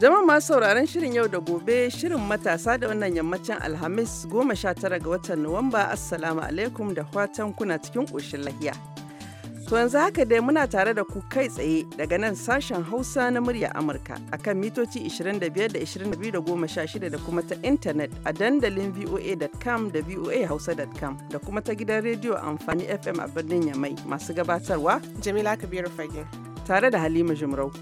Jama'a masu sauraron shirin yau da gobe shirin matasa da wannan yammacin Alhamis goma 19 ga watan Nuwamba Assalamu alaikum da fatan kuna cikin ƙoshin lahiya. To yanzu haka dai muna tare da ku kai tsaye daga nan sashen Hausa na murya Amurka akan mitoci 25 da 22 da kuma ta intanet a dandalin voa.com da voahausa.com da kuma ta gidan rediyo amfani FM a birnin Yamai masu gabatarwa Jamila Kabiru Fage tare da Halima Jumrau.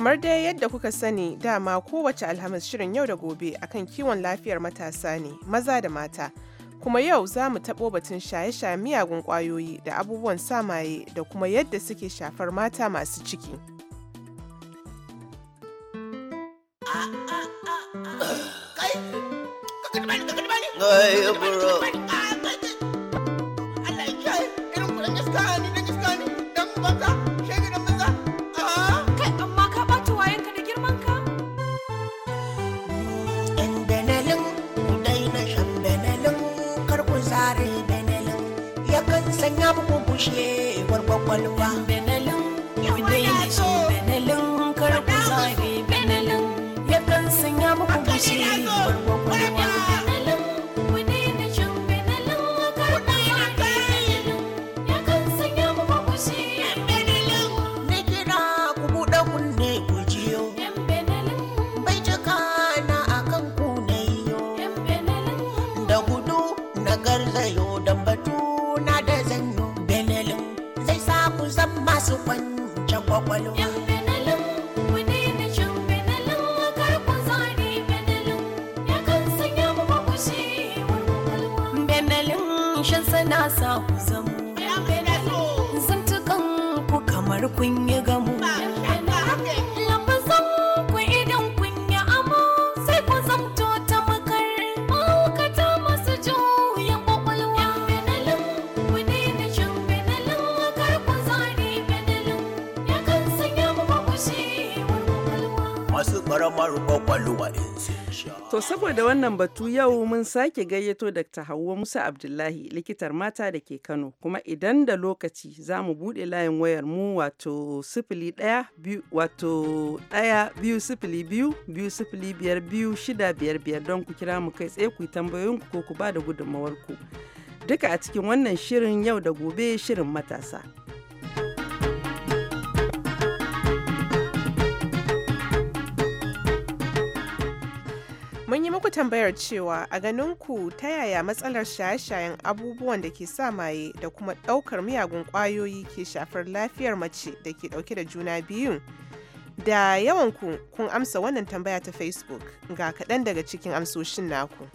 Kamar dai yadda kuka sani dama kowace Alhamis shirin yau da gobe akan kiwon lafiyar matasa ne, maza da mata. Kuma yau za mu taɓo batun shaye-shaye miyagun ƙwayoyi da abubuwan samaye da kuma yadda suke shafar mata masu ciki. Ay, To saboda wannan batu yau mun sake gayyato Dr. Hauwa Musa Abdullahi likitar mata da ke Kano kuma idan da lokaci za mu buɗe layin wayar mu wato sifili ɗaya biyu wato ɗaya biyu sifili biyu biyu sifili biyar biyu shida biyar biyar don ku kira mu kai tsaye ku yi ku ko ku ba da ku, Duka a cikin wannan shirin yau da gobe shirin matasa. Mun yi muku tambayar cewa a ganin ku ta yaya matsalar shaye-shayen abubuwan da ke sa maye da kuma ɗaukar miyagun ƙwayoyi ke shafar lafiyar mace da ke ɗauke da juna biyun. Da yawan ku kun amsa wannan tambaya ta Facebook ga kaɗan daga cikin amsoshin naku.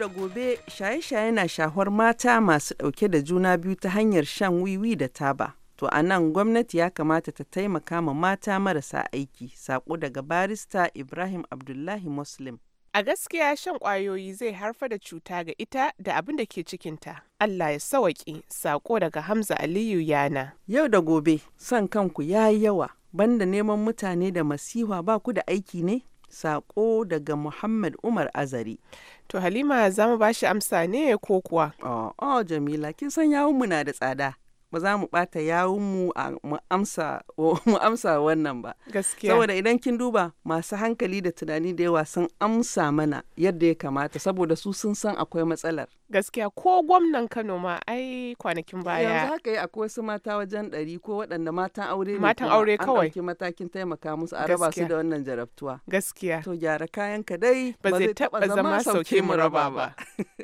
yau da gobe shaye-shaye na shahwar mata masu ɗauke da juna biyu ta hanyar shan wiwi da taba. To a nan gwamnati ya kamata ta taimaka ma mata marasa aiki, saƙo daga barista Ibrahim Abdullahi Muslim. A gaskiya shan ƙwayoyi zai harfa da cuta ga ita da abin da ke cikinta. Allah ya sawaƙi, saƙo daga Hamza Aliyu Yana. Yau da gobe, son kanku ya yi yawa, banda neman mutane da masiha ba ku da aiki ne? Sako daga Muhammad Umar Azari. To Halima za mu bashi amsa ne ko kuwa? Oh, oh Jamila, kin san yawunmu na da tsada. ba za mu ɓata yawunmu a mu amsa wannan ba. Gaskiya. Saboda idan kin duba masu hankali da tunani da yawa sun amsa mana yadda ya kamata saboda su sun san akwai matsalar. Gaskiya ko gwamnan Kano ma ai kwanakin baya. Yanzu haka yi akwai wasu mata wajen ɗari ko waɗanda matan aure ne. Matan aure kawai. An ɗauki matakin taimaka musu a raba su da wannan jarabtuwa. Gaskiya. To gyara kayan ka dai. Ba zai taɓa zama sauke mu raba ba.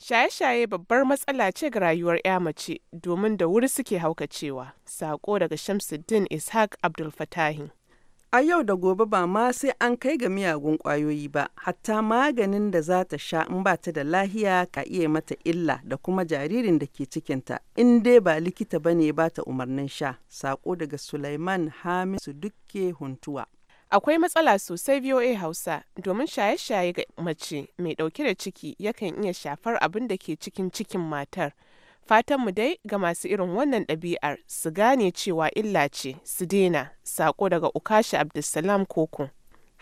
Shaye-shaye babbar matsala ce ga rayuwar 'ya mace domin da wuri suke haukacewa. Sako daga Shamsuddin Ishaq Abdul fatahin. A yau da gobe ba ma sai an kai ga miyagun kwayoyi ba, hatta maganin da za ta sha in ba ta da lahiya ka iya mata illa da kuma jaririn da ke cikinta, in dai ba likita ba ne ba ta umarnin sha. Sako daga Sulaiman Hamisu Dukke Huntuwa. Akwai matsala sosai VOA Hausa domin shaye-shaye ga mace mai ɗauke da ciki yakan iya shafar abin da ke cikin cikin matar. Fatanmu dai ga masu irin wannan ɗabi'ar su gane cewa illa ce su daina, sako daga ukashi Abdulsalam Koko.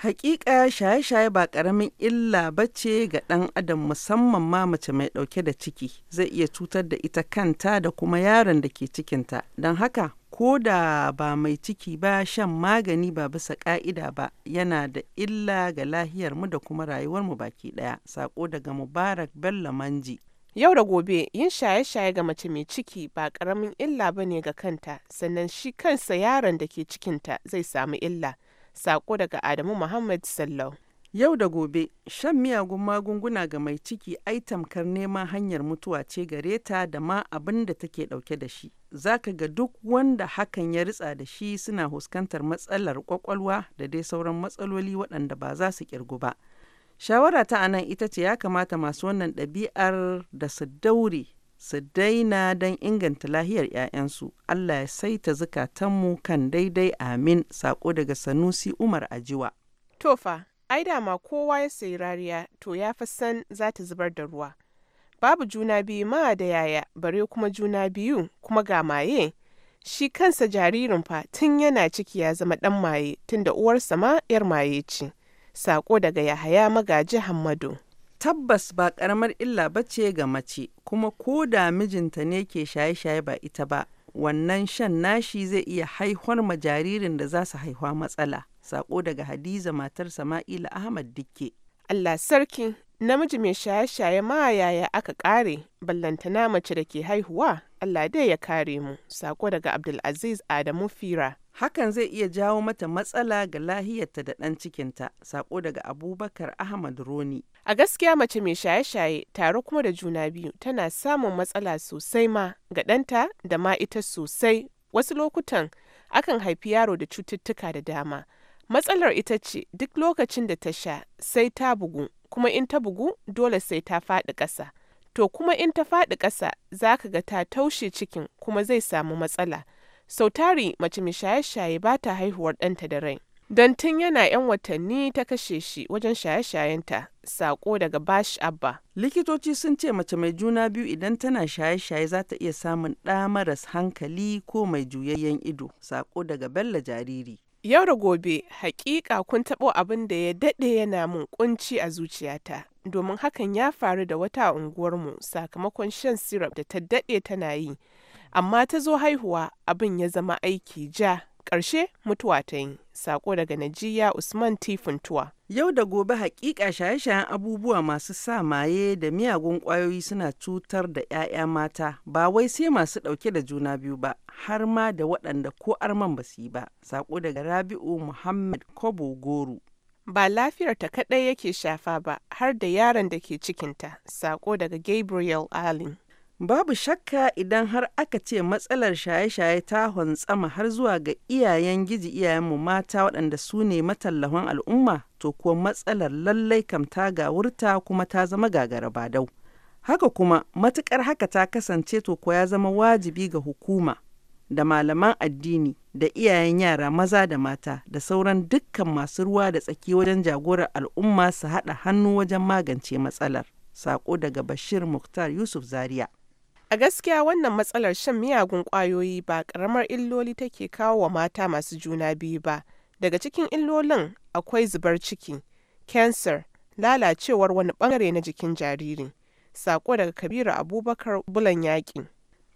Hakika shaye-shaye ba karamin illa ba ce ga ɗan adam musamman ma mace mai ɗauke da ciki zai iya cutar da ita kanta da kuma yaron da ke cikinta. Don haka ko da ba mai ciki ba shan magani ba bisa ka'ida ba yana da illa ga lahiyar mu da kuma rayuwarmu baki daya Sako daga Mubarak Bello Manji. Yau da gobe yin shaye-shaye ga mace mai ciki ba karamin illa ba ne ga kanta sannan shi kansa yaron da ke cikinta zai samu illa Sako daga Adamu Muhammad Sallau. Yau da gobe, shan miyagun magunguna ga mai ciki ai tamkar nema hanyar mutuwa ce gare ta da ma abin da take ɗauke da shi. zaka ga duk wanda hakan ya ritsa da shi suna huskantar matsalar kwakwalwa da dai sauran matsaloli waɗanda ba za su ƙirgu ba. Shawara ta anan ita ce ya kamata masu wannan ɗabi'ar da su daure su daina don inganta lahiyar 'ya'yansu. Allah ya saita zukatanmu kan daidai amin sako daga Sanusi Umar Ajiwa. Tofa, ai da ma kowa ya sayi rariya to ya fi san za ta zubar da ruwa. Babu juna biyu ma da yaya bare kuma juna biyu kuma ga maye. Shi kansa jaririn fa tun yana ciki ya zama dan maye tun da uwarsa ma 'yar maye ce. Sako daga Yahaya magaji Hammadu. tabbas ba karamar illa ba ce ga mace kuma ko da mijinta ne ke shaye-shaye ba ita ba wannan shan nashi zai iya haihuwar ma jaririn da za su haihuwa matsala sako daga hadiza matar sama'ila ahmad dikke allah sarkin namiji mai shaye-shaye ma yaya aka ƙare ballantana mace da ke haihuwa Allah dai ya kare mu sako daga Abdulaziz Adamu Fira hakan zai iya jawo mata matsala ga lahiyarta da ɗan cikinta sako daga Abubakar Ahmad Roni a gaskiya mace mai shaye-shaye tare kuma da juna biyu tana samun matsala sosai ma ga ɗanta da ma ita sosai wasu lokutan akan haifi yaro da cututtuka da dama matsalar ita ce duk lokacin da ta sha sai ta bugu kuma in ta bugu dole sai ta faɗi ƙasa. To kuma in ta faɗi ƙasa za ka ga ta taushe cikin kuma zai samu matsala. Sau tari mace mai shaye-shaye ba ta haihuwar ɗanta da rai. Don tun yana 'yan watanni ta kashe shi wajen shaye-shayenta, sako daga Bash Abba. Likitoci sun ce mace mai juna biyu idan tana shaye-shaye za ta iya samun ɗa maras hankali ko mai juyayyen ido, sako daga Bello jariri. Yau da gobe, hakika kun taɓo abin da ya daɗe yana mun kunci a zuciyata, domin hakan ya faru da wata a unguwarmu sakamakon shan syrup da ta daɗe tana yi, amma ta zo haihuwa abin ya zama aiki ja. ƙarshe mutuwa ta yi sako daga najiya usman tifuntuwa yau da gobe hakika shaye-shayen abubuwa masu sa maye da miyagun ƙwayoyi suna cutar da 'ya'ya mata ba wai sai masu ɗauke da juna biyu ba har ma da waɗanda ko arman ba su yi ba sako daga rabi'u muhammad kobo goro ba lafiyar ta kaɗai yake shafa ba har da yaron da ke cikinta sako daga gabriel allen Babu shakka idan har aka ce matsalar shaye-shaye ta hantsama har zuwa ga iyayen giji iyayen mu mata waɗanda su ne matallahon al'umma, to kuwa matsalar lallai kam ta wurta kuma ta zama gagara badau. Haka kuma matuƙar haka ta kasance to kuwa ya zama wajibi ga hukuma da malaman addini da iyayen yara maza da mata da sauran dukkan masu ruwa da tsaki wajen jagorar al'umma su haɗa hannu wajen magance matsalar. Sako daga Bashir Muktar Yusuf Zaria. A gaskiya wannan matsalar shan miyagun ƙwayoyi ba ƙaramar illoli take kawo wa mata masu juna biyu ba. Daga cikin illolin akwai zubar ciki, (cancer), lalacewar wani ɓangare na jikin jariri. Sako daga Kabiru Abubakar Bulan Yaƙi.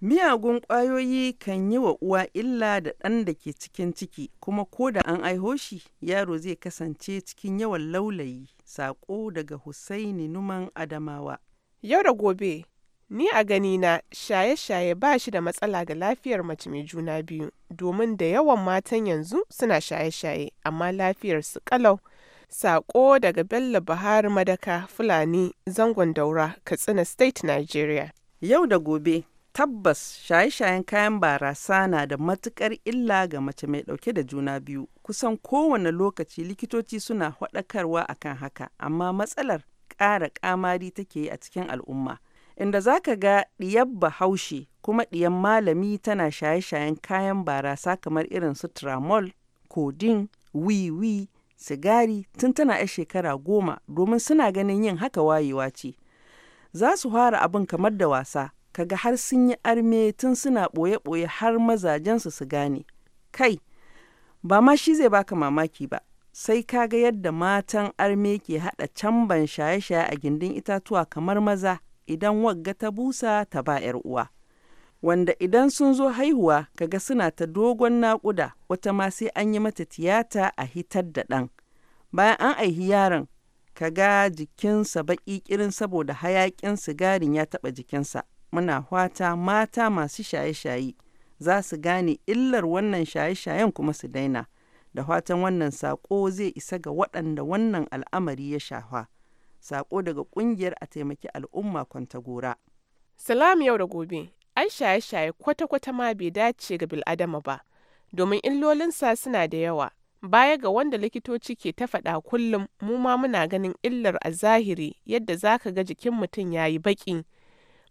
Miyagun ƙwayoyi kan yi wa uwa illa da ɗan da ke cikin ciki, kuma ko da an aiho shi, yaro zai kasance cikin yawan laulayi. Sako daga Husaini, Numan Adamawa. Yau da gobe, Ni a ganina shaye-shaye ba shi da matsala ga lafiyar mace mai juna biyu domin da yawan matan yanzu suna shaye-shaye amma lafiyar su kalau, Saƙo daga Bello Buhari Madaka Fulani zangon daura Katsina State Nigeria. Yau da gobe tabbas shaye-shayen kayan barasa na da matukar illa ga mace mai dauke da juna biyu kusan kowane lokaci likitoci suna haɗakarwa akan haka amma matsalar ƙara ƙamari take yi a cikin al'umma. inda za ka ga ɗiyar bahaushe kuma ɗiyar malami tana shaye-shayen kayan barasa kamar irin su tramol, kodin, wiwi, sigari tun tana 'yar shekara goma domin suna ganin yin haka wayewa ce. Za su fara abin kamar da wasa, kaga har sun yi arme tun suna ɓoye-ɓoye har mazajensu su gane. Kai, ba ma shi zai baka mamaki ba, sai kaga yadda matan arme ke haɗa camban shaye-shaye a gindin itatuwa kamar maza. idan wagga ta busa ta ba 'yar uwa. Wanda idan sun zo haihuwa kaga suna ta dogon naƙuda wata ma sai an yi mata tiyata a hitar da ɗan. Bayan an aihi yaron kaga jikinsa baƙi ƙirin saboda hayaƙin sigarin ya taɓa jikinsa. Muna hwata mata masu shaye-shaye za su gane illar wannan shaye-shayen kuma su daina. Da fatan wannan saƙo zai isa ga waɗanda wannan al'amari ya shafa. Sako daga kungiyar a taimaki al'umma Kwantagora. Salam yau da gobe, ai shaye-shaye kwata-kwata ma bai dace ga bil'adama ba, domin illolinsa suna da yawa. Baya ga wanda likitoci ke ta faɗa kullum, mu ma muna ganin illar a zahiri yadda za ka ga jikin mutum ya yi baƙi.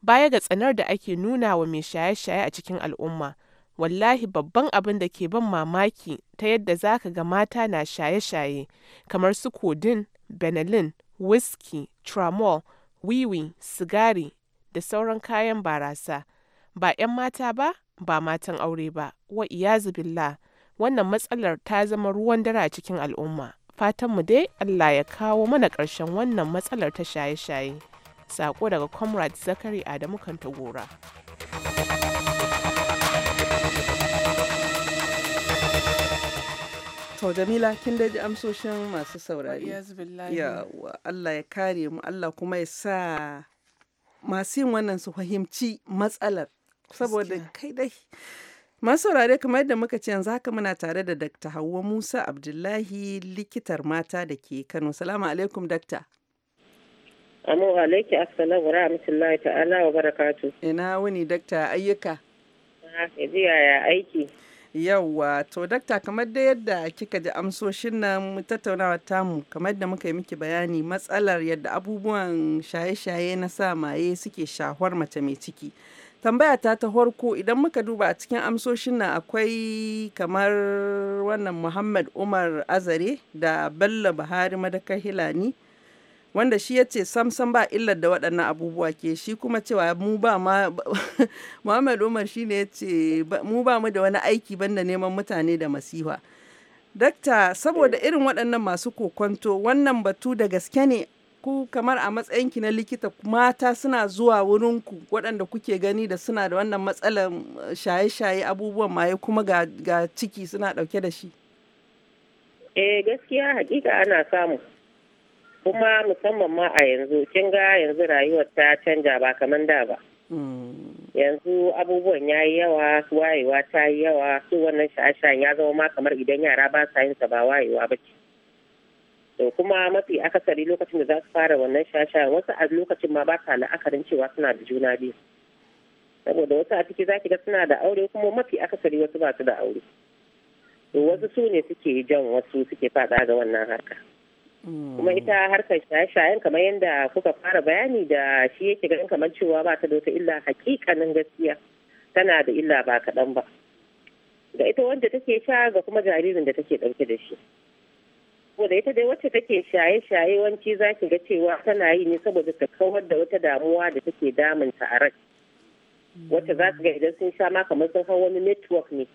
Baya ga tsanar da ake nuna wa mai shaye-shaye a cikin al'umma, wallahi babban abin da ke ban mamaki ta yadda za ka ga mata na shaye-shaye kamar su kodin, benelin, whisky, tramol, wiwi, sigari da sauran kayan barasa. Ba 'yan mata ba, ba matan aure ba, wa'iyazu billah, wannan matsalar ta zama ruwan dare a cikin al'umma. Fatanmu dai Allah ya kawo mana ƙarshen wannan matsalar ta shaye-shaye. Sako daga Comrade Zakari Adamu Kantagora. gora. To Jamila kin daji amsoshin masu saurari. Yawa Allah ya kare mu Allah kuma ya sa masu yin wannan su fahimci matsalar. Saboda kai dai. Masu saurari kamar yadda muka ce yanzu haka muna tare da Dr. Hauwa Musa Abdullahi likitar mata da ke Kano. Salamu alaikum Dr. Amo alaiki assalamu wa rahmatullahi ta'ala wa barakatu. Ina wuni Dr. ayyuka. Ah, ya aiki. Yawwa, to dakta kamar da yadda kika ji amsoshin nan tattaunawa tamu kamar da muka yi miki bayani matsalar yadda abubuwan shaye-shaye na sa maye suke shahwar mace mai ciki. tambaya ta ta farko idan muka duba a cikin amsoshin nan akwai kamar wannan muhammad umar azare da bello buhari madakar hilani wanda shi ya ce samsam ba illar da waɗannan abubuwa ke shi kuma cewa mu ba ma Muhammad Umar shi ne ya mu ba mu da wani aiki banda neman mutane da masifa. Dakta saboda irin waɗannan masu kokonto wannan batu da gaske ne ku kamar a matsayin ki na likita mata suna zuwa wurin ku waɗanda kuke gani da suna da wannan matsalar eh, shaye-shaye abubuwan maye kuma ga ciki suna ɗauke da shi. Eh gaskiya hakika ana samu. kuma musamman ma a yanzu kin ga yanzu rayuwar ta canja ba kamar da ba hmm. yanzu abubuwan ya yi yawa su wayewa ta yi yawa su wannan sha'ashan ya zama ma kamar idan yara ba sa yin ba wayewa ba ce to kuma mafi akasari lokacin da za su fara wannan sha'ashan wasu a lokacin ma ba sa la'akarin cewa suna da juna biyu saboda wasu a ciki za ki ga suna da aure kuma mafi akasari wasu ba su da aure to wasu su ne suke jan wasu suke faɗa ga wannan harka. kuma ita harkar shaye-shayen kamar yadda kuka fara bayani da shi yake ganin kamar cewa ba ta da illa hakikanin gaskiya tana da illa ba kaɗan ba ga ita wanda take sha ga kuma jaririn da take ɗauke da shi da ita dai wacce take shaye-shaye wanci za ki ga cewa tana yi ne saboda ta kawar da wata damuwa da take damunta a rai wacce za ga idan sun sha ma kamar sun hau wani network ne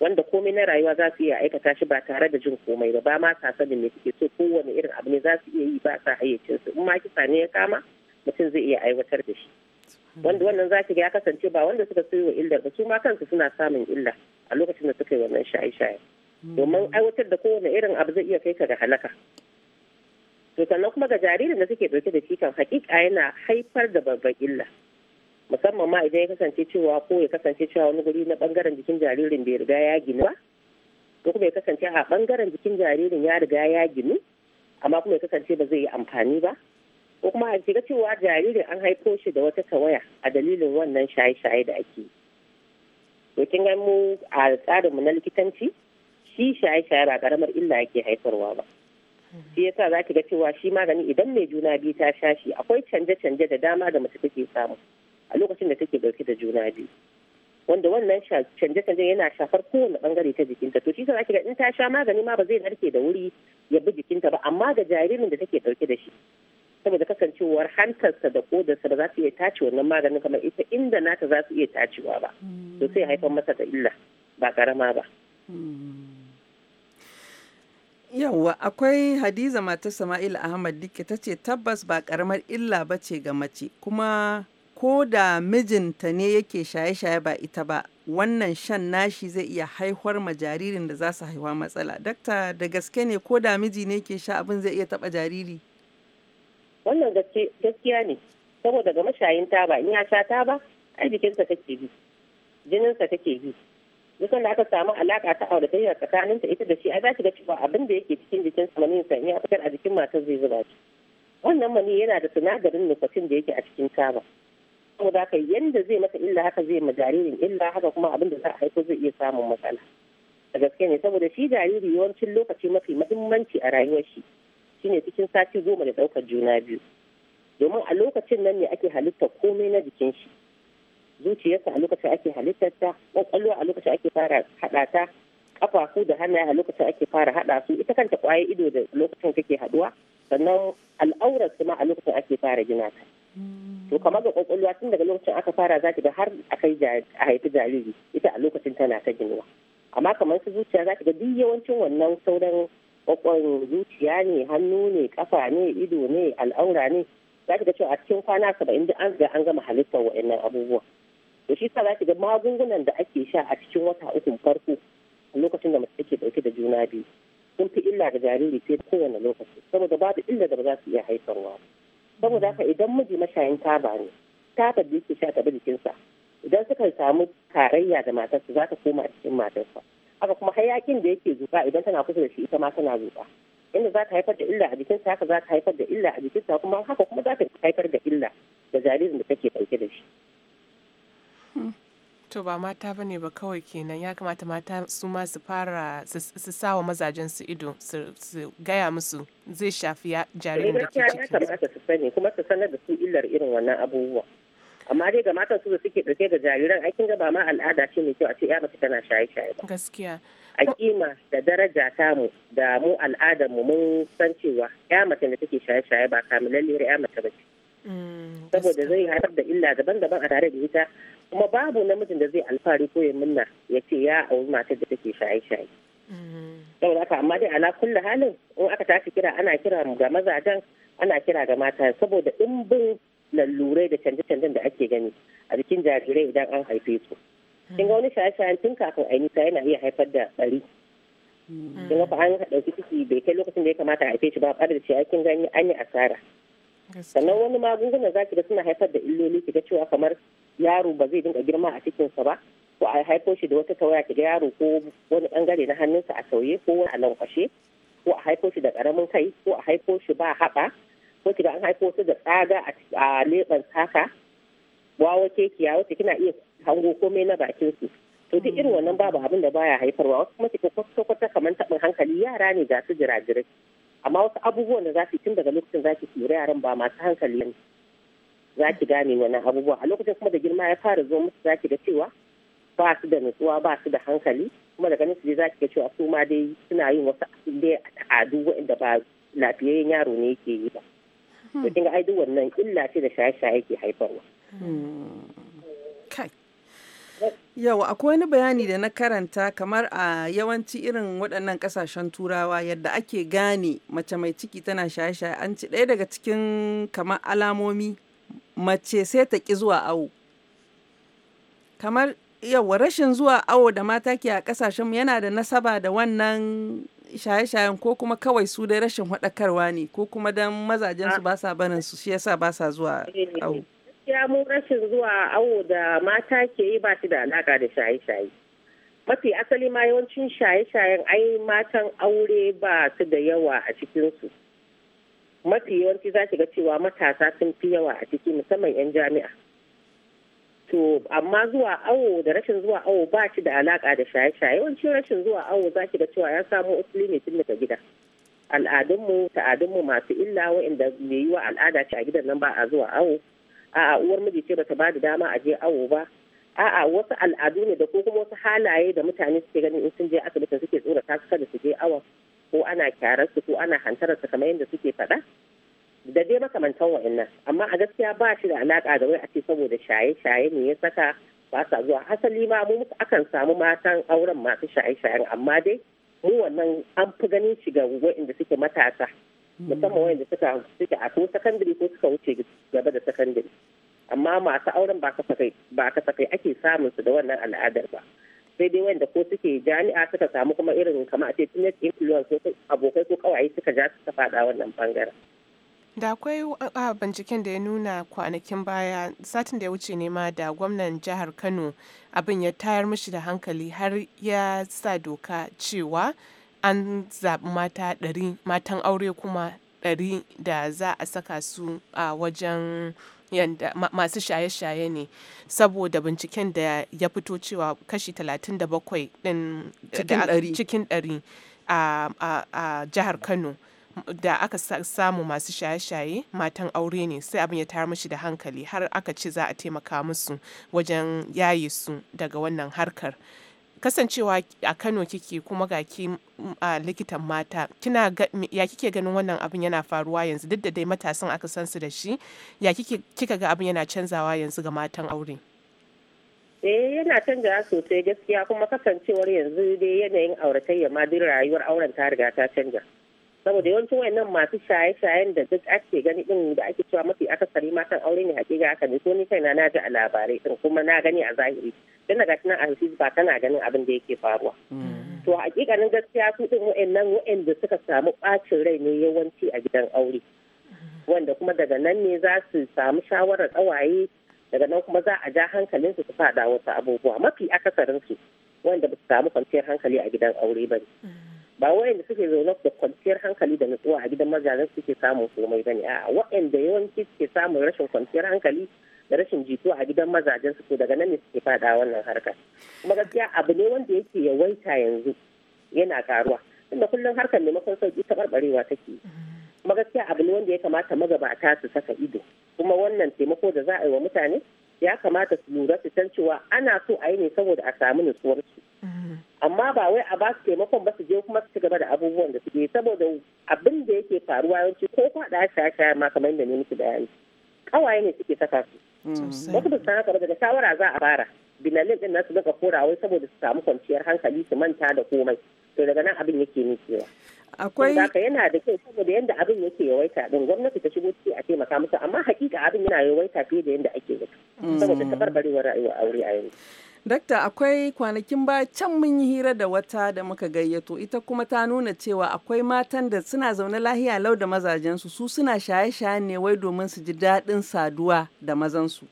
wanda komai na rayuwa za su iya aikata shi ba tare da jin komai ba ba ma sa sanin me suke so kowane irin abu ne za su iya yi ba sa hayyacin su in ma kisa ne ya kama mutum zai iya aiwatar da shi wanda wannan za ga ya kasance ba wanda suka sayo illar ba su ma kansu suna samun illa a lokacin da suka yi wannan shaye-shaye domin aiwatar da kowane irin abu zai iya kai ka ga halaka to sannan kuma ga jaririn da suke dauke da shi kan hakika yana haifar da babban illa musamman ma idan ya kasance cewa ko ya kasance cewa wani guri na bangaren jikin jaririn bai riga ya ginu ba ko kuma ya kasance a bangaren jikin jaririn ya riga ya ginu amma kuma ya kasance ba zai yi amfani ba ko kuma a shiga cewa jaririn an haifo shi da wata tawaya a dalilin wannan shaye-shaye da ake yi to kin ga mu a tsarinmu na likitanci shi shaye-shaye ba karamar illa yake haifarwa ba shi yasa za ki ga cewa shi magani idan mai juna biyu ta sha shi akwai canje-canje da dama da mace take samu a lokacin da take dauke da juna biyu wanda wannan canje-canje yana shafar kowane bangare ta jikinta to shi sa zaki ga in ta sha magani ma ba zai narke da wuri ya bi jikinta ba amma ga jaririn da take dauke da shi saboda kasancewar hantarsa da kodarsa ba za su iya tace wannan maganin kamar ita inda nata za su iya tacewa ba to sai haifar masa da illa ba karama ba yawwa akwai hadiza matar sama'il ahmad dike ta ce tabbas ba karamar illa ba ce ga mace kuma ko da mijinta ne yake shaye-shaye ba ita ba wannan shan nashi zai iya haihuwar ma jaririn da za su haihuwa matsala dakta da gaske ne ko da miji ne ke sha abin zai iya taba jariri wannan gaskiya ne saboda ga mashayin taba in ya sha ba ai jikinsa take bi jininsa take bi duk da aka samu alaka ta aure auratayya tsakanin ta ita da shi a za ki ga cewa abin da yake cikin jikin sa sa in a jikin matar zai zuba shi wannan mani yana da sinadarin nikotin da yake a cikin taba saboda haka yanda zai mata illa haka zai ma jaririn illa haka kuma abin da za a haifo zai iya samun matsala da gaske ne saboda shi jariri yawancin lokaci mafi mahimmanci a rayuwar shi shine cikin sati goma da ɗaukar juna biyu domin a lokacin nan ne ake halittar komai na jikin shi zuciyarsa a lokacin ake halittar ta kwakwalwa a lokacin ake fara haɗa ta kafafu da hannaye a lokacin ake fara haɗa su ita kanta kwaye ido da lokacin kake haɗuwa sannan al'aurar ma a lokacin ake fara gina ta Mm. to kamar ga kwakwalwa tun daga lokacin aka fara za ki ga har akai a haifi jariri ita a lokacin tana ta ginuwa amma kamar su zuciya za ki ga duk yawancin wannan sauran kwakwan zuciya ne hannu ne kafa ne ido ne al'aura ne za ki ga cewa a cikin kwana saba'in duk an ga an gama halittar wa'annan abubuwa to shi sa ki ga magungunan da ake sha a cikin wata uku farko a lokacin da mace take dauke da juna biyu sun fi illa ga jariri sai kowane lokaci saboda babu illa da ba za su iya haifarwa ba saboda haka idan miji mashayin taba ne taba da yake sha taɓa jikinsa idan suka samu tarayya da matarsa za ta koma a cikin matarsa haka kuma hayakin da yake zuba idan tana kusa da shi ita ma tana zuba inda za ta haifar da illa a jikinsa haka za ta haifar da illa a jikinsa kuma haka kuma za ta haifar da illa da jaririn da take ɗauke da shi. Hmm. to ba mata ba ne ba kawai kenan ya kamata mata su ma su fara su sawa mazajen su ido su gaya musu zai shafi jaririn da ke ciki. Ya kamata su sani kuma su sanar da su illar irin wannan abubuwa. Amma dai ga matan su da suke ɗauke da jariran aikin ga ba ma al'ada ce mai kyau a ce ya mace tana shaye-shaye ba. Gaskiya. A kima da daraja ta mu da mu al'adar mu mun san cewa ya mace da take shaye-shaye ba kamilalliyar ya mace ba ce. Mm, Saboda zai haifar da illa daban-daban a tare da ita kuma babu namijin da zai alfari ko ya munna ya ce ya auri matar da take shaye-shaye mm-hmm. da haka amma dai ala kulli halin in aka tashi kira ana kira ga mazajen ana kira ga mata saboda in bin lallurai da canje-canjen da ake gani a jikin jarirai idan an haife su kin ga wani shaye-shayen tun kafin a nisa yana iya haifar da ɓari mm-hmm. kin ga an ɗauki ciki bai kai lokacin da ya kamata a haife shi ba ɓar da shi kin gani an yi asara sannan wani magunguna zaki da suna haifar da illoli ki ga cewa kamar yaro ba zai dinga girma a cikinsa ba ko a haifo shi da wata tawaya ga yaro ko wani bangare na hannunsa a sauye ko wani a lankwashe ko a haifo shi da karamin kai ko a haifo shi ba haɓa ko kiga an haifo su da tsaga a leɓen taka wawa kekiya kina iya hango komai na bakin su to duk irin mm. wannan babu abin da baya haifarwa wasu kuma cikin kwata-kwata kamar tabin hankali yara ne ga su jira amma wasu abubuwan da za su tun daga lokacin za ki yaran ba masu hankali ne za ki gane wani abubuwa a lokacin kuma da girma ya fara zo musu za ki ga cewa ba su da nutsuwa ba su da hankali kuma daga nan su za ki ga cewa su ma dai suna yin wasu dai ta'adu waɗanda ba lafiyayyen yaro ne yake yi ba hmm. to kin ga ai duk wannan illa ce da shaye-shaye ke haifarwa hmm. Yau akwai wani bayani da na karanta kamar a yawanci irin waɗannan ƙasashen turawa yadda ake gane mace mai ciki tana shaye-shaye an ci ɗaya daga cikin kamar alamomi mace sai ta ki zuwa awo kamar yawa rashin zuwa awo da mata ke a kasashenmu yana da nasaba da wannan shaye-shayen ko kuma kawai su dai rashin haɗakarwa ne ko kuma don mazajen su ba sa barin su shi yasa ba sa zuwa awo gaskiya mu rashin zuwa awo da mata ke yi ba shi da alaka da shaye-shaye mafi asali ma yawancin shaye-shayen ai matan aure ba su da yawa a cikinsu mafi yawanci za ga cewa matasa sun fi yawa a ciki musamman 'yan jami'a to amma zuwa awo da rashin zuwa awo ba shi da alaka da shaye-shaye yawancin rashin zuwa awo za ki ga cewa ya samu usuli ne tun daga gida al'adunmu ta'adunmu masu illa wa'inda mai yiwa al'ada ce a gidan nan ba a zuwa awo a'a uwar miji ce bata ba da dama a je awo ba a'a wasu al'adu ne da ko kuma wasu halaye da mutane suke ganin in sun je asibitin suke tsorata su kada su je awon ko ana kyarar su ko ana hantarar su kamar yadda suke faɗa da dai makamantan wa'annan amma a gaskiya ba shi da alaƙa da wai a ce saboda shaye-shaye ne ya saka ba sa zuwa asali ma mu akan samu matan auren masu shaye-shayen amma dai mu wannan an fi ganin shi ga wa'anda suke matasa musamman wa'anda suka suke a ko sakandare ko suka wuce gaba da sakandare amma masu auren ba sakai ake samun su da wannan al'adar ba sai dai wanda ko suke jami'a suka samu kuma irin kama a ce teenage influence abokai ko kawaye suka ja suka fada wannan bangaren da akwai binciken da ya nuna kwanakin baya satin da ya wuce ne ma da gwamnan jihar kano abin ya tayar mishi da hankali har ya sa doka cewa an zaɓi mata ɗari matan aure kuma ɗari da za a saka su a wajen yanda masu shaye-shaye ne saboda binciken da ya fito cewa kashi 37 din cikin ɗari a jihar Kano da aka samu masu shaye-shaye matan aure ne sai abin ya tayar mashi da hankali har aka ce za a taimaka musu wajen yaye su daga wannan harkar. kasancewa a Kano kike kuma ga ki mm, likitan mata kina ya kike ganin wannan abin yana faruwa yanzu duk da dai matasan aka san su da shi ya kika ga abin yana canzawa yanzu ga matan aure eh yana canzawa sosai gaskiya kuma kasancewar yanzu dai yanayin auratayya ma duk rayuwar auren ta riga ta canja saboda yawancin wayannan masu shaye-shayen da duk ake gani din da ake cewa mafi akasari matan aure ne hakika haka ne ko ni kaina na ji a labarai din kuma na gani a zahiri dan daga nan a ba tana ganin abin da yake faruwa mm. to hakikanin gaskiya su din wa'annan wa'anda suka samu bacin rai ne yawanci a gidan aure wanda kuma daga nan ne za su samu shawarar tsawaye daga nan kuma za a ja hankalin su su faɗa wasu abubuwa mafi akasarin su wanda ba su samu kwanciyar hankali a gidan aure ba ne mm. ba wayanda suke zaune da kwanciyar hankali da nutsuwa a gidan mazajen suke samun komai ba ne a wa'anda yawanci suke samun rashin kwanciyar hankali da rashin jituwa a gidan mazajen su ko daga nan ne suke fada wannan harkar kuma gaskiya abu ne wanda yake yawaita yanzu yana karuwa tunda kullum harkar maimakon sauki ta barbarewa take kuma gaskiya abu ne wanda ya kamata magabata su saka ido kuma wannan taimako da za a yi wa mutane ya kamata su lura su san cewa ana so a yi ne saboda a samu nutsuwar su amma ba wai a ba su taimakon ba su je kuma su ci gaba da abubuwan da suke saboda abin da yake faruwa yawanci ko faɗa shaya shaya ma kamar yadda ne musu bayani kawaye ne suke saka su wasu ba su haka ba daga shawara za a bara bilalin din nasu daga korawai saboda su samu kwanciyar hankali su manta da komai to daga nan abin yake nufewa akwai haka yana da kyau saboda yadda abin yake yawaita din gwamnati ta shigo ciki a taimaka musu amma hakika abin yana yawaita fiye da yadda ake zato mm. saboda tabarbarewar rayuwar aure a yanzu Dakta akwai kwanakin ba can mun yi hira da wata da muka gayyato ita kuma ta nuna cewa akwai matan da suna zaune lahiya lau da mazajensu su suna shaye-shayen ne wai domin su ji daɗin saduwa da mazansu.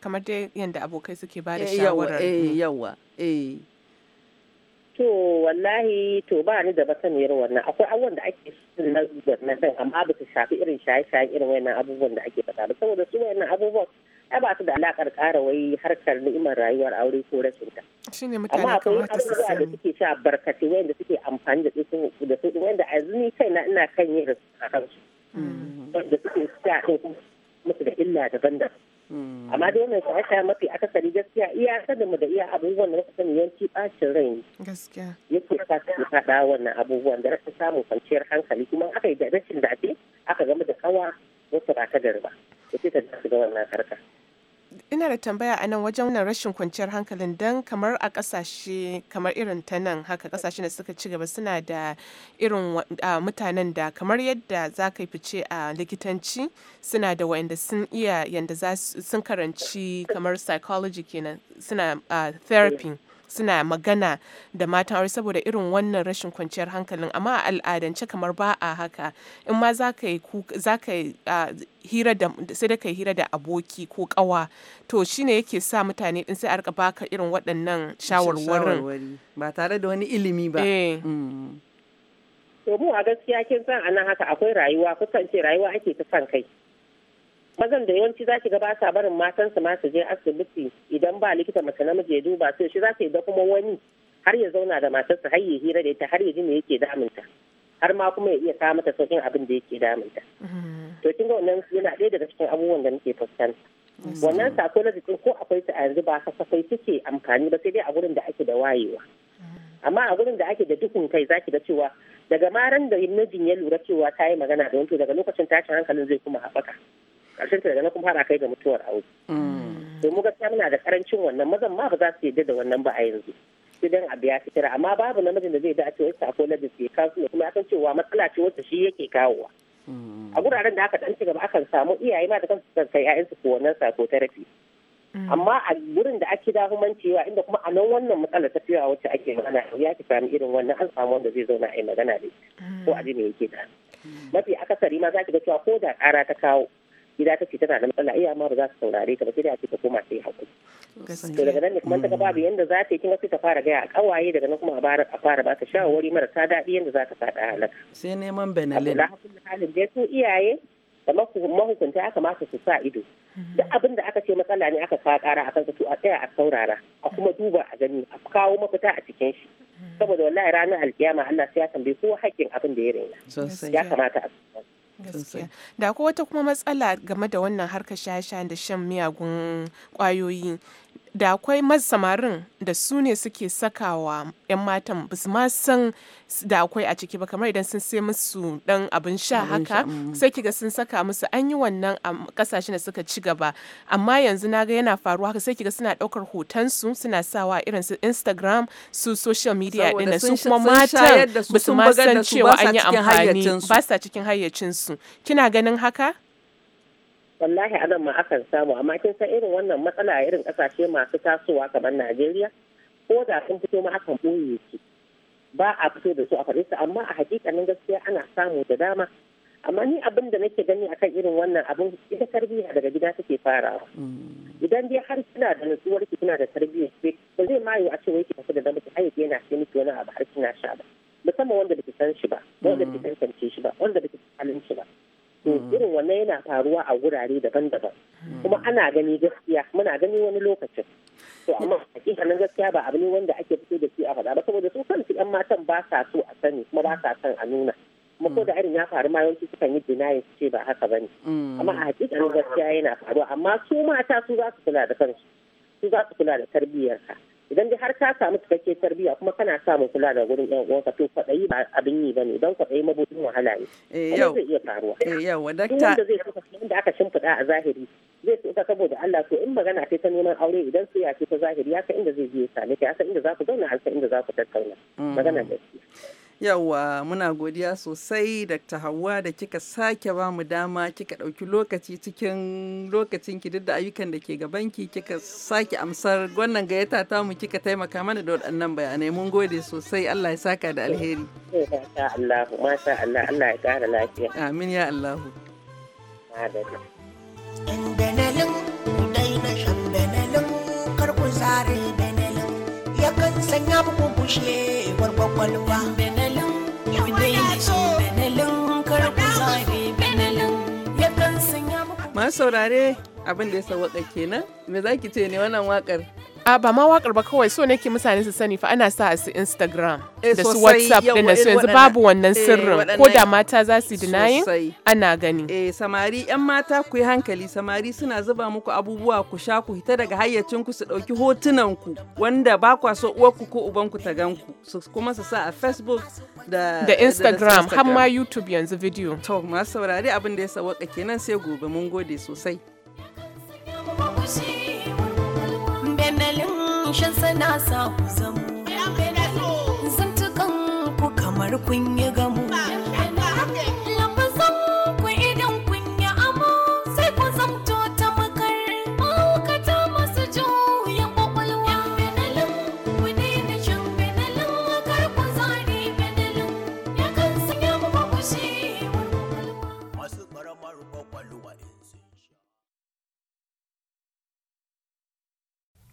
Kamar dai yadda abokai suke ba da eh, shawarar. Eh mm. yawa eh. To wallahi to ba ni da basaniyar wannan akwai abubuwan da ake na zan amma ba su shafi irin shaye-shaye irin wannan abubuwan da ake faɗa ba saboda su wannan abubuwan ya ba su da alakar kara wai harkar ni'imar rayuwar aure ko rashin ta amma akwai abubuwa da suke sha barkatai wanda suke amfani da su da su wanda a kai na ina kan yin a kansu mm. wanda suke sha ko musu da illa daban-daban mm. amma dai wannan shahata mafi akasari gaskiya iya mu da iya abubuwan da muka sani yanki bacin rai gaskiya yake sa su faɗa wannan abubuwan da rashin samun kwanciyar hankali kuma aka yi da rashin dace aka gama da kawa wasu ba ta da riba da ta da wannan harka ina da tambaya a nan wajen wannan rashin kwanciyar hankalin don kamar a kasashe kamar irin ta nan haka kasashe da suka ci gaba suna da irin mutanen da kamar yadda za ka fice a likitanci suna da wa'anda sun iya yanda sun karanci kamar psychology kenan suna therapy suna magana da matan aure saboda irin wannan rashin kwanciyar hankalin amma a al'adance kamar ba a haka in ma za ka yi hira da sai da hira da aboki ko kawa to shine yake sa mutane din sai a rika baka irin waɗannan shawarwarin ba tare da wani ilimi ba eh. mm. to mu a gaskiya kin san anan haka akwai rayuwa kusan ce rayuwa ake ta kai mazan da yawanci za ki ga ba sa barin matansu ma su je asibiti idan ba likita mace namiji ya duba su shi za yi da kuma wani har ya zauna da matarsa har ya hira da ita har ya ji me yake damunta har ma kuma ya iya kawo mata saukin abin da yake damunta mm-hmm. to kin ga wannan yana ɗaya daga cikin abubuwan da muke fuskanta wannan sako na jikin ko akwai ta a yanzu ba kasafai suke amfani ba sai dai a gurin da ake da wayewa mm-hmm. amma a gurin da ake da dukun kai zaki ga cewa daga maran da mijin ya lura cewa ta yi magana da wanto daga lokacin tashin hankalin zai kuma haɓaka karshen daga na kuma har kai ga mutuwar aure mm. to mu gaskiya muna da karancin wannan mazan ma ba za su yadda da wannan ba a yanzu idan abu ya fitar amma babu namijin da zai da a ce wata ko ladis ya kawo ne kuma akan cewa matsala ce wacce shi yake kawowa mm. a guraren da aka dan ci gaba akan samu iyaye ma da kansu kan kai ƴaƴansu ko wannan rafi mm. amma a gurin da ake da cewa inda kuma a nan wannan matsala ta wacce ake magana ya ki sami irin wannan an samu wanda zai zauna a yi magana ne ko a ji me yake da mafi akasari ma za ki ga cewa ko da ƙara ta kawo gida ta ce tana da matsala iya ma ba za su saurare ta ba sai dai a ce ta koma ta yi to daga nan ne kuma ta babu mm. yanda za ta yi kuma sai ta fara gaya a kawaye daga nan kuma a fara ba ta shawarwari marasa daɗi yanda za ta faɗa halaka sai neman benelin a halin da su iyaye da mahukunta aka su sa ido mm-hmm. duk abin da aka ce matsala ne aka kawo kara a kansa to a tsaya a saurara a kuma duba a gani a kawo mafita a cikin shi mm. saboda wallahi ranar alkiyama Allah sai ya tambaye ko hakkin abin da ya raina ya kamata a da ko wata kuma matsala game da wannan harkar shaye da shan miyagun kwayoyi da akwai masamarin da su ne suke sakawa 'yan matan basu ma san da akwai a ciki ba kamar idan sun sai musu dan abin sha haka mm. sai kiga sun saka musu an yi wannan a kasashen da suka ci gaba amma yanzu na ga yana faruwa haka sai kiga suna daukar hoton su suna sawa irin su Instagram su social media dinna su kuma matan ba ma san cewa an yi amfani ba sa cikin hayyacinsu kina ganin haka wallahi anan nan ma akan samu amma kin san irin wannan matsala a irin kasashe masu tasowa kamar najeriya ko da sun fito ma akan boye su ba a fito da su a faɗi amma a hakikanin gaskiya ana samu da dama amma ni abin da nake gani akan irin wannan abin ita tarbiyya daga gida take farawa mm. idan dai har kina da nutsuwar ki kina da tarbiyya ki eh, ba zai ma a ce wai ki tafi da namiji haife yana ce miki wani abu har kina sha ba musamman wanda baki san shi ba wanda baki san shi ba wanda baki to mm. irin wannan yana faruwa a wurare daban-daban mm. kuma ana gani gaskiya muna gani wani lokacin to amma hakikanin gaskiya ba abu ne wanda ake fito da shi a faɗa ba saboda su kansu yan matan ba sa so a sani kuma ba sa son a nuna kuma ko mm. da irin ya faru ma yawanci sukan yi dinayin su ce ba haka ba ne. amma a hakikanin gaskiya yana faruwa amma su mata su za su kula da kansu su za su kula da tarbiyyarka idan dai har ka samu cikakke tarbiyya kuma kana samun kula da gurin yan uwanka to kwaɗayi ba abin yi bane don kwaɗayi mabudin wahala ne kuma eh, zai iya faruwa eh, yawa dakta da zai kuka inda aka shimfiɗa a zahiri zai kuka saboda Allah to in magana ce ta neman aure idan soyayya ce ta zahiri ya inda zai je ya same ka ya san inda za ku zauna har inda za ku tattauna mm. magana Yawwa muna godiya sosai Dr. Hawwa da kika sake ba mu dama kika ɗauki lokaci cikin lokacin ki duk da ayyukan da ke gabanki kika sake amsar wannan gayyata ta mu kika taimaka mana da waɗannan bayanai mun gode sosai Allah ya saka da alheri. Masha Allah, masha Allah, Allah ya ƙara lafiya. Amin ya Allahu. Ya kan daina shan kar sare sanya muku bushe warwakwalwa. masu saurare abin da ya sauwaka kenan me za ki ce ne wannan wakar a ba ma wakar ba kawai so nake mutane su sani fa ana sa a su Instagram eh, da su WhatsApp da su yanzu babu wannan eh, sirrin ko da mata za su denying ana gani eh samari yan mata ku yi hankali samari suna zuba muku abubuwa ku sha ku hita daga hayyacin ku su dauki hotunan ku wanda ba kwa so uwarku ko ubanku ta ganku su kuma su sa a Facebook da Instagram har ma YouTube yanzu video to masu saurari abin da ya sawaka kenan sai gobe mun gode sosai shan sana sa ku zamo kan ku kamar kun yi gamo